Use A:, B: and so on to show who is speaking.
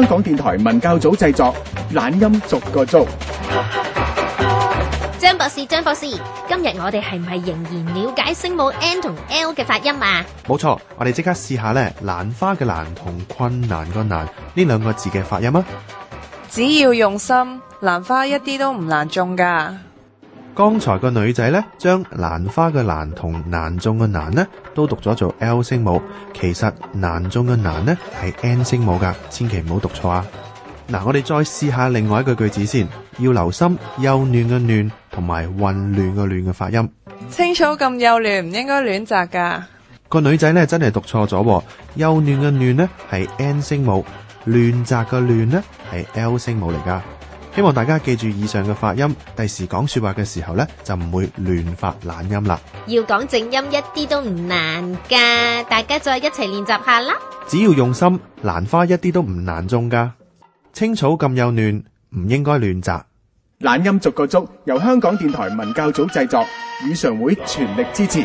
A: 香港電台文教組製作，懶音逐個捉。
B: 張博士，張博士，今日我哋係咪仍然了解聲母 n 同 l 嘅發音啊？
C: 冇錯，我哋即刻試下咧，蘭花嘅蘭同困難個難呢兩個字嘅發音啊！只要用心，蘭花一啲都唔難種噶。剛才個女仔呢，將蘭花嘅蘭同難種嘅難呢，都讀咗做 l 聲母。其實難種嘅難呢係 n 聲母噶，千祈唔好讀錯啊！嗱、啊，我哋再試下另外一個句子先，要留心幼嫩嘅嫩同埋混亂嘅亂嘅發音。青草咁幼嫩，唔應該亂摘噶。個女仔呢，真係讀錯咗，幼嫩嘅嫩呢係 n 聲母，亂摘嘅亂呢係 l 聲母嚟噶。希望大家記住以上嘅發音，第時講説話嘅時候呢，就唔會亂發懶音啦。
B: 要講正音一啲都唔難噶，大家再一齊練習下啦。
C: 只要用心，蘭花一啲都唔難種噶。青草咁幼嫩，唔應該亂摘。
A: 懶音逐個捉，由香港電台文教組製作，語常會全力支持。